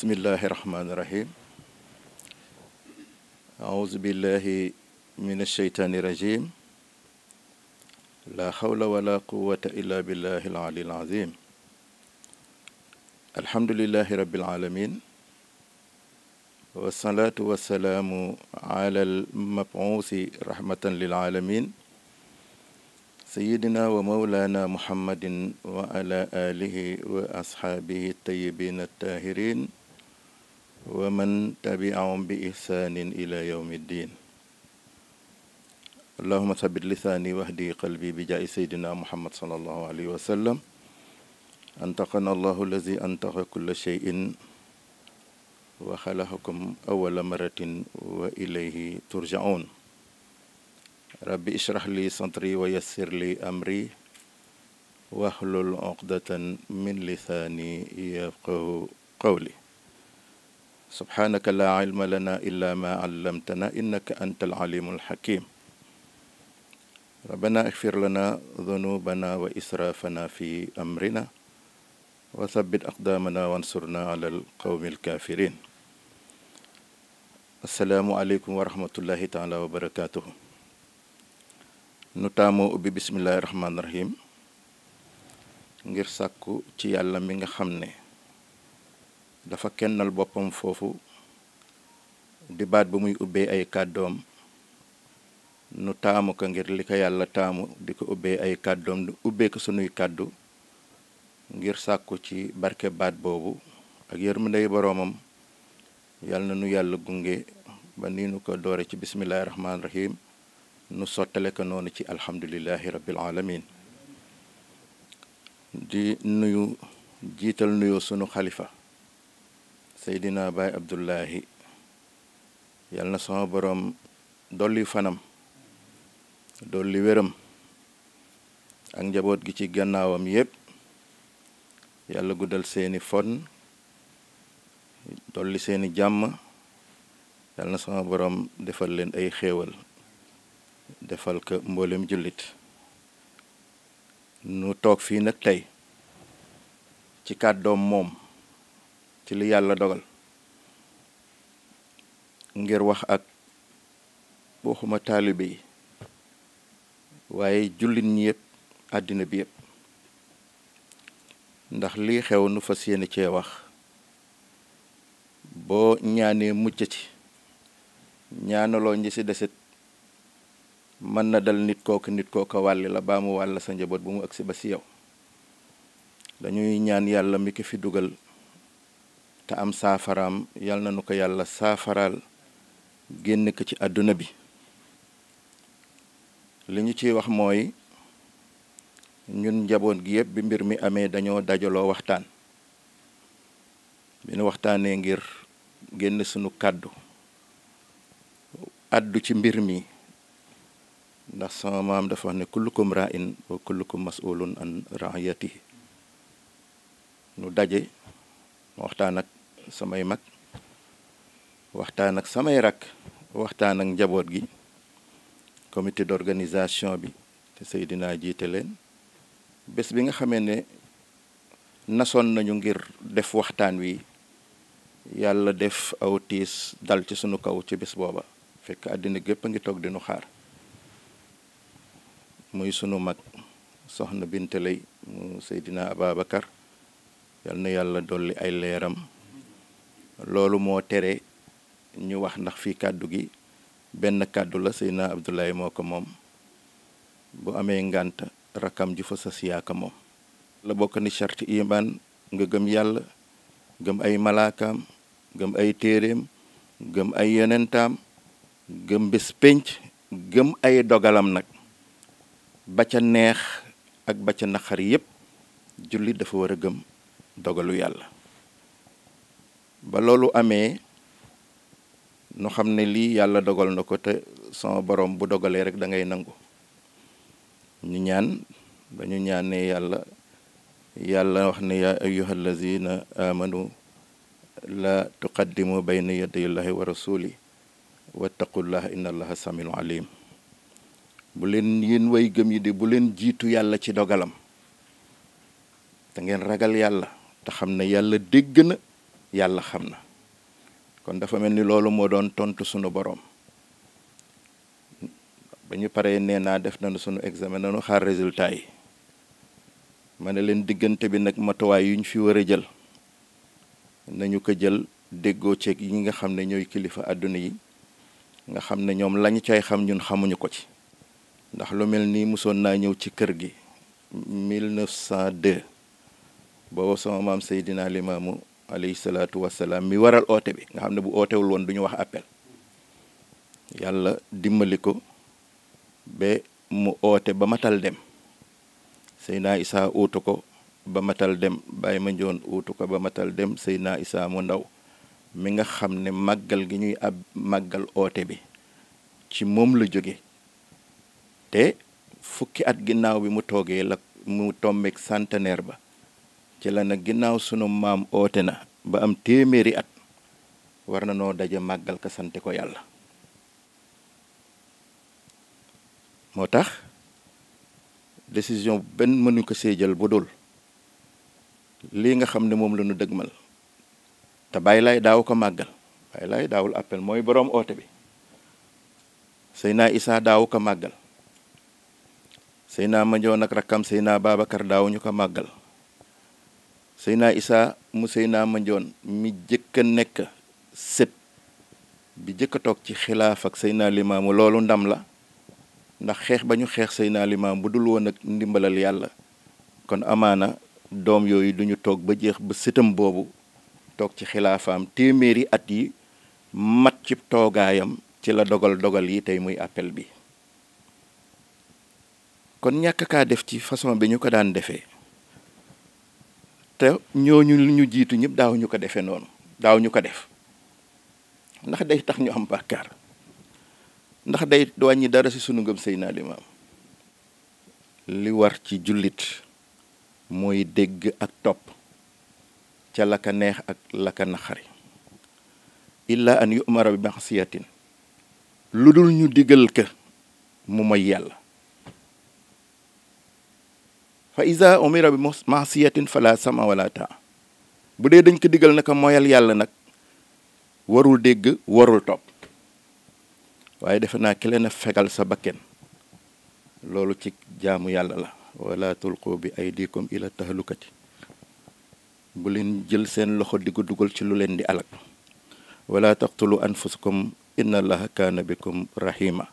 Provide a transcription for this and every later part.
bismillahi rahmaani rahim auzu billahi min alsheytaani rajim laa xawla wala quwata illa billahi alali alazim alhamdulilahi rabbil alamin wasalaatu wasalaamu ala almabuusi rahmatan lil alamin sayidina wa mawlaana muhammadin wa ala alihi wa asxaabihi tayibiin attahirin wa man tabi'ahum bi ihsanin ila yawmi ddin allahuma sabit lisaani wahdi qalbi bi jaayi saydina muhammad salallahu alayhi wa sallam antaqana allahu allazi antaqa kulla cheyin wa xalaxakum awala maratin wa ilayhi turjaun rabbi ishrah li sadri wa yassir li amri wahlul uqdatan min lisaani yafqahu qawli subhaanaka laa ilma lana illa ma allamtana innaka anta alalimu alxakim rabbana ixfir lana dunubana wa israfana fi amrina wa thabbit aqdamana wansurna ala alqawmi alkafirin asalaamu aleykum wa rahmatullahi taala wa barakatuhu nu taamoo ubbi bismillahi rahmaani rahim ngir sàkku ci yàlla mi nga xam ne dafa kennal boppam foofu di baat bu muy ubbee ay kàddoom nu taamu ko ngir li ko yàlla taamu di ko ubbee ay kàddoom nu ubbee ko sunuy kàddu ngir sàkku ci barke baat boobu ak ndey boroomam yàlla na nu yàlla gunge ba nii nu ko doore ci bismillahi rahmaani rahim nu sottale ko noonu ci alhamdulillahi rabbil alamin di nuyu jiital nuyoo sunu xalifa Seydina Baye Abdullahi yal na sama boroom dolli fanam dolli wéram ak njaboot gi ci gannaawam yépp yàlla guddal seeni fon dolli seeni jàmm yàlla na sama boroom defal leen ay xéewal defal ko mboolem jullit nu toog fii nag tey ci kàddoom moom ci li yàlla dogal ngir wax ak waxuma taalibe yi waaye jullit ñi yëpp àddina bi yëpp ndax lii xew nu fa yéene cee wax boo ñaanee mucc ci ñaanaloo ñi ci desit mën na dal nit kooku nit kooka wàlli la baa mu wàll sa njaboot bu mu agsi ba si yow dañuy ñaan yàlla mi ko fi dugal te am saafaraam yal na ko yàlla saafaraal génn ko ci àdduna bi li ñu ci wax mooy ñun njaboot gi yëpp bi mbir mi amee dañoo dajaloo waxtaan bi nu waxtaanee ngir génn sunu kàddu àddu ci mbir mi ndax sama maam dafa wax ne kullukum ra'in wa kullukum mas'ulun an ra'iyatihi nu daje waxtaan ak samay mag waxtaan ak samay rakk waxtaan ak njaboot gi comité d'organisation bi te Seydina jiite leen bés bi nga xamee ne nasoon nañu ngir def waxtaan wi yàlla def aw tiis dal ci sunu kaw ci bés booba fekk àddina gépp a ngi toog dinu xaar muy sunu mag soxna Binta Lay mu Seydina Ababacar na yàlla dolli ay leeram loolu moo tere ñu wax ndax fii kàddu gi benn kàddu la Seydina Abdoulaye moo ko moom bu amee ngànt rakam ju fa sës yaa moom la bokk ni charte iman nga gëm yàlla gëm ay malaakaam gëm ay téeréem gëm ay yonentaam gëm bés pénc gëm ay dogalam nag ba ca neex ak ba ca naqar yépp jullit dafa war a gëm dogalu yàlla ba loolu amee nu xam ne lii yàlla dogal na ko te sama boroom bu dogalee rek dangay nangu ñu ñaan ba ñu ñaanee yàlla yàlla wax ne yaa ayuha allazina amanu la tuqaddimu bayna yaday llahi wa rasuli wattaqullaha inna allaha samiun alim bu leen yéen way gëm yi di bu leen jiitu yàlla ci dogalam te ngeen ragal yàlla te xam ne yàlla dégg na yàlla xam na kon dafa mel ni loolu moo doon tontu sunu borom ba ñu paree nee naa def nañu sunu examen nañu xaar résultat yi ma ne leen diggante bi nag matuwaay yu ñu fi war a jël nañu ko jël déggoo ceeg yi nga xam ne ñooy kilifa àdduna yi nga xam ne ñoom lañu cay xam ñun xamuñu ko ci ndax lu mel nii mosoon naa ñëw ci kër gi 1902 boobu sama maam Seydina Limaamu alayhi salaatu wasalaam mi waral oote bi nga xam ne bu ootewul woon du ñu wax appel yàlla dimbali ko ba mu oote ba matal dem Seydina Isa uutu ko ba matal dem Baye Mandione uutu ko ba matal dem Seydina Isa mu ndaw mi nga xam ne màggal gi ñuy ab màggal oote bi ci moom la jóge te fukki at ginnaaw bi mu toogee la mu tombeek centenaire ba ci la nag ginnaaw sunu maam oote na ba am téeméeri at war na noo daje màggal ko sante ko yàlla moo tax décision benn mënu ko séejal bu dul lii nga xam ne moom la ñu dëgmal te bàyyi laay daaw ko màggal bàyyi laay daawul appel mooy boroom oote bi sëy naa isaa daawu ko màggal sëy naa manjoon ak rakkam sëy naa baabakar daawuñu ko màggal Seydina Isa mu Seydina Mandione mi jëkk a nekk sët bi jëkk toog ci xilaaf ak Seydina Limaamu loolu ndam la ndax xeex ba ñu xeex Seydina Limaam bu dul woon ak ndimbalal yàlla kon amaana doom yooyu duñu toog ba jeex ba sëtam boobu toog ci xilaafaam téeméeri at yi mat ci toogaayam ci la dogal dogal yi tey muy appel bi kon ñàkk kaa def ci façon bi ñu ko daan defee te ñooñu ñu jiitu ñëpp daaw ñu ko defee noonu daaw ñu ko def ndax day tax ñu am bàkkaar ndax day wàññi dara si sunu ngëm sëy naa limaam li war ci jullit mooy dégg ak topp ca la ka neex ak la ka naqari illa an yumara bi maxsiyatin lu dul ñu digal ka mu moy yàlla fa isa umira bi masiyatin fala sama wala taa bu dee dañ ko digal naka moyal yàlla nag warul dégg warul topp waaye defe naa ki leen a fegal sa bakken loolu ci jaamu yàlla la wala tulqu bi aydikum ila tahlukati bu leen jël seen loxo di dugal ci lu leen di alak wala taqtulu anfusakum inna allaha kaana bikum rahima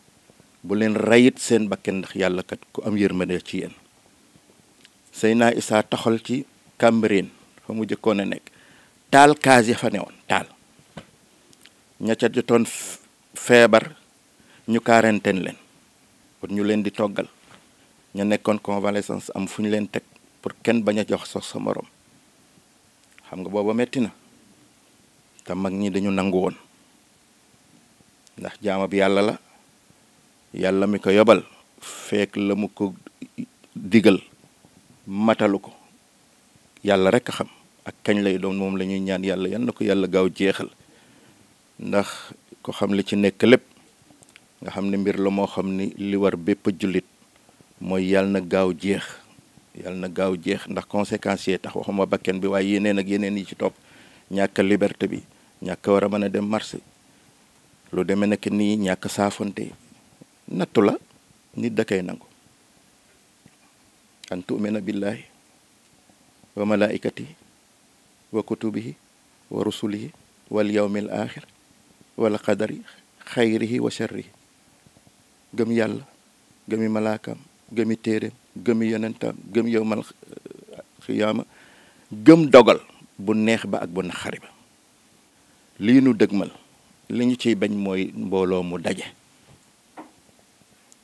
bu leen rayit seen bakken ndax yàlla kat ku am yërmande ci yéen na Issa taxal ci Cambérène fa mu jëkkoon a nekk taal kaas ya fa newoon taal ña ca jotoon feebar ñu quarantaine leen pour ñu leen di toggal ñu nekkoon convalescence am fu ñu leen teg pour kenn bañ a jox sox sa morom xam nga booba metti na te mag ñi dañu nangu woon ndax jaama bi yàlla la yàlla mi ko yobal fekk la mu ko digal matalu ko yàlla rek a xam ak kañ lay doon moom la ñuy ñaan yàlla yan na ko yàlla gaaw jeexal ndax ko xam la ci nekk lépp nga xam ne mbir la moo xam ni li war bépp jullit mooy yàlla na gaaw jeex yàlla na gaaw jeex ndax conséquences yee tax waxuma bakken bi waaye yeneen ak yeneen yi ci topp ñàkk liberté bi ñàkk war a mën a dem marché lu demee nekk nii ñàkk saafante nattu la nit da koy nangu an tumina billahi wa malaikatihi wa kutubihi wa rusulihi wal yawmil axir wal qadari xayrihi wa sharrihi gëm yàlla gëmi malaakaam gëmi téeréem gëmi yonentaam gëm yowmal xiyaama gëm dogal bu neex ba ak bu naqari ba lii nu dëgmal li ñu ciy bañ mooy mbooloo mu daje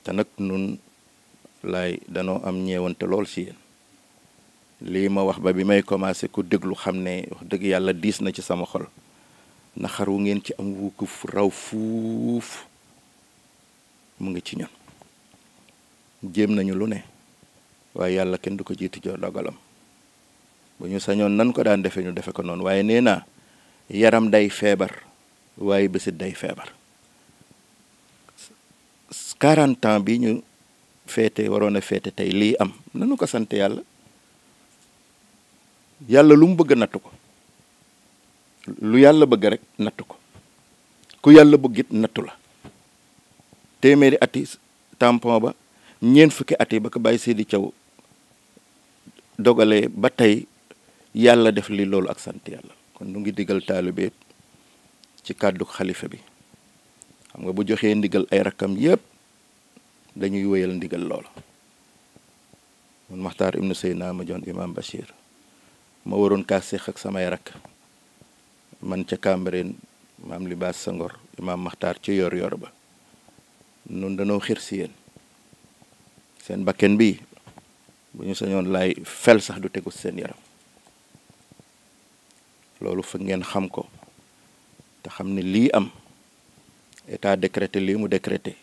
te nag nun laay danoo am ñeewante lool si yéen lii ma wax ba bi may commencé ku déglu xam ne wax dëgg yàlla diis na ci sama xol naxar wu ngeen ci am wu ko raw fuuf mu ngi ci ñun jéem nañu lu ne waaye yàlla kenn du ko jiitu joo dogalam bu ñu sañoon nan ko daan defee ñu defe ko noonu waaye nee naa yaram day feebar waaye bésit day feebar quarante bi ñu feete waroon a feete tey lii am nanu ko sant yàlla yàlla lu mu bëgg nattu ko lu yàlla bëgg rek nattu ko ku yàlla bëgg it nattu la téeméeri ati tampon ba ñeent fukki at yi ba ko bàyyi Seydi Thiaw dogale ba tey yàlla def li loolu ak sant yàlla kon nu ngi digal taalibe ci kàddu xalifa bi xam nga bu joxee ndigal ay rakkam yépp dañuy wéyal ndigal loola man maxtaar sey naa ma joon imam bachir ma waroon kaa séq ak samay rakk man ca Cambérène maam libaas sangor imam maxtaar ci yor yor ba nun danoo xir si seen bakken bi bu ñu sañoon laay fel sax du tegu seen yaram loolu fa ngeen xam ko te xam ne lii am état décrété lii mu décrété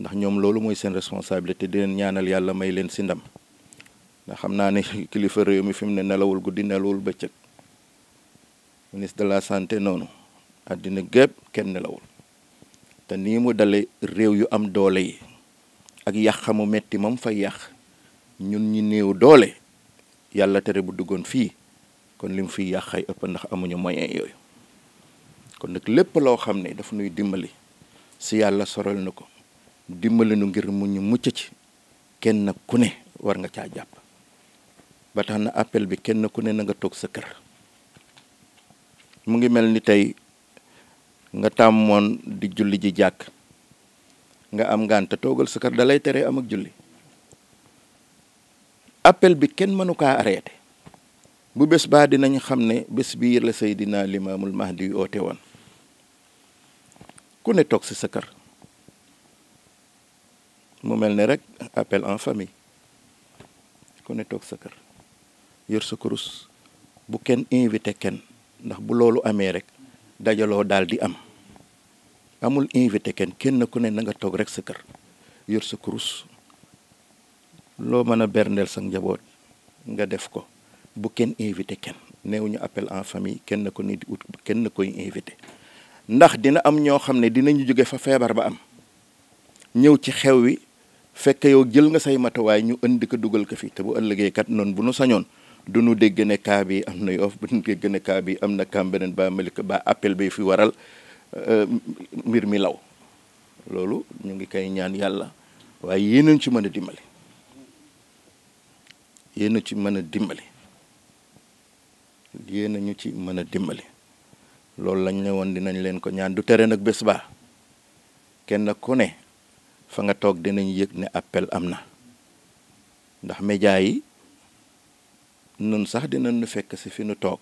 ndax ñoom loolu mooy seen responsabilité di ñaanal yàlla may leen si ndam ndax xam naa ne kilifa réew mi fi mu ne nelawul guddi nelawul bëccëg ministre de la santé noonu àddina gépp kenn nelawul te nii mu dale réew yu am doole yi ak yàqamu mu metti mam fay yàq ñun ñi néew doole yàlla tere bu duggoon fii kon lim fi yàq ëpp ndax amuñu moyen yooyu kon nag lépp loo xam ne daf nuy dimbali si yàlla sorel na ko dimbali nu ngir mu ñu mucc ci kenn ku ne war nga caa jàpp ba tax na appel bi kenn ku ne na nga toog sa kër mu ngi mel ni tey nga tàmmoon di julli ji jàkk nga am ngaan te toogal sa kër da tere am ak julli appel bi kenn mënu kaa bu bés baa dinañ xam ne bés bii la Seydina Limaamul Mahdi di oote woon ku ne toog si sa kër mu mel ne rek appel en famille ku ne toog sa kër yor sa kurus bu kenn invité kenn ndax bu loolu amee rek dajaloo daal di am amul invité kenn kenn ku ne na nga toog rek sa kër yor sa kurus loo mën a berndeel sa njaboot nga def ko bu kenn invité kenn néew ñu appel en famille kenn ko ni di ut kenn koy invité ndax dina am ñoo xam ne dinañu jóge fa feebar ba am ñëw ci xew fekk yow jël nga say matuwaay ñu indi ko dugal ko fii te bu ëllëgee kat noonu bu nu sañoon du nu dégg ne cas bi am na Yoff bu nu dégg ne kaa bi am na beneen ba Malika ba appel bi fi waral euh, mbir mi law loolu ñu ngi koy ñaan yàlla waaye yéen ci mën a dimbali yéen ci mën a dimbali yéen ñu ci mën a dimbali loolu lañ ne dinañ leen ko ñaan du tere nag bés baa kenn ko ne. fa nga toog dinañ yëg ne appel am na ndax média yi nun sax dina nu fekk si fi nu toog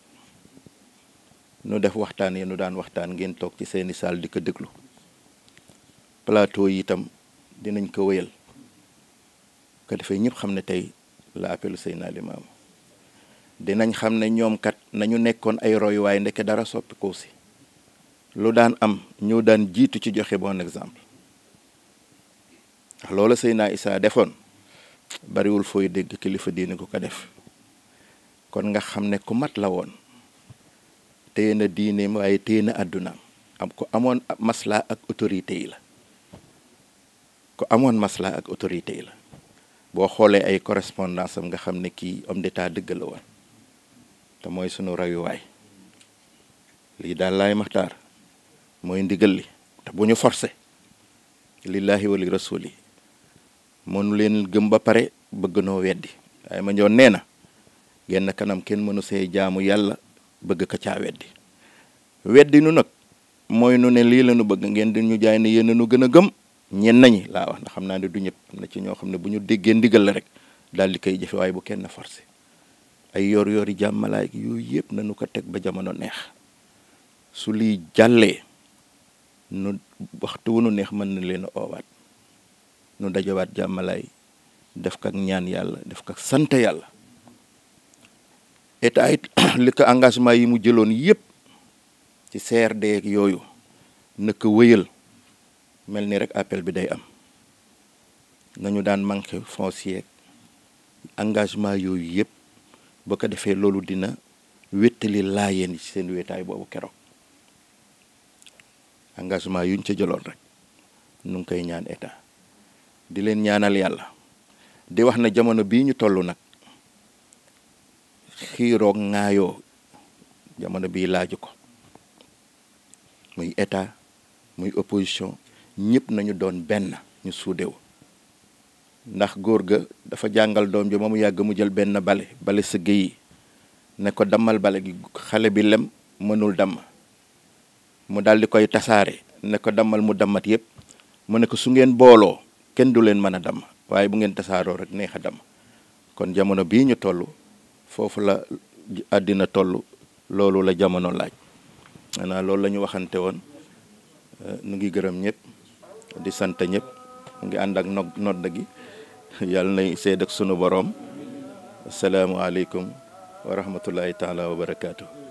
nu def waxtaan yi nu daan waxtaan ngeen toog ci seeni saal di ko déglu plateau yi itam dinañ ko wéyal ko defee ñëpp xam ne tey la appelu naa Limaamu dinañ xam ne ñoom kat nañu nekkoon ay royuwaay ndeke dara soppi ko si lu daan am ñoo daan jiitu ci joxe bon exemple ndax sey naa isaa defoon bariwul fooy dégg kilifa diine ku ko def kon nga xam ne ku mat la woon téye na diineem waaye téye na àddunaam am ku amoon maslaa ak autorité yi la ku amoon maslaa ak autorité yi la boo xoolee ay correspondance am nga xam ne kii homme d'état dëgg la woon te mooy sunu rayuwaay lii daal laay maxtaar mooy ndigal li te bu ñu forcé lillahi wa li rasuli mënu leen gëm ba pare bëgg noo weddi waaye ma njoon nee na genn kanam kenn mënu see jaamu yàlla bëgg ka caa weddi weddi nu nag mooy nu ne lii la bëgg ngeen di ñu jaay ne yéen nu gën a gëm ñen nañi laa wax ndax xam naa ne du ñëpp na ci ñoo xam ne bu ñu déggee ndigal la rek daal di koy jëfe waaye bu kenn forcé ay yor yoori jàmmalaay yooyu yëpp nañu ko teg ba jamono neex su lii jàllee nu waxtu wu nu neex mën na leen oowaat nu dajawaat jàmmalaay def ko ñaan yàlla def ko ak sant yàlla état it ko engagement yi mu jëloon yëpp ci CRD ak yooyu na ko wëyal mel ni rek appel bi day am nañu daan manqué foncier engagement yooyu yëpp boo ko defee loolu dina wéttali laayeen yi ci seen wéetaay boobu keroog engagement yuñ ca jëloon rek nu ngi koy ñaan état di leen ñaanal yàlla di wax na jamono bii ñu toll nag xiiroog ŋaayoo jamono bii laaju ko muy état muy opposition ñépp nañu doon benn ñu suudewu ndax góor ga dafa jàngal doom ji ba mu yàgg mu jël benn bale bale sëgg yi ne ko damal bale xale bi lem mënul dama mu daldi koy tasaare ne ko damal mu dammat yépp mu ne ko su ngeen booloo kenn du leen mën a damm waaye bu ngeen tasaaroo rek neex a damm kon jamono bii ñu tollu foofu la àddina toll loolu la jamono laaj maanaam loolu la ñu waxante woon eh, nu ngi gërëm ñépp di sant ñëpp mu ngi ànd ak no nodd gi yàlla nay seed ak sunu boroom asalaamualeykum wa rahmatullahi taala wa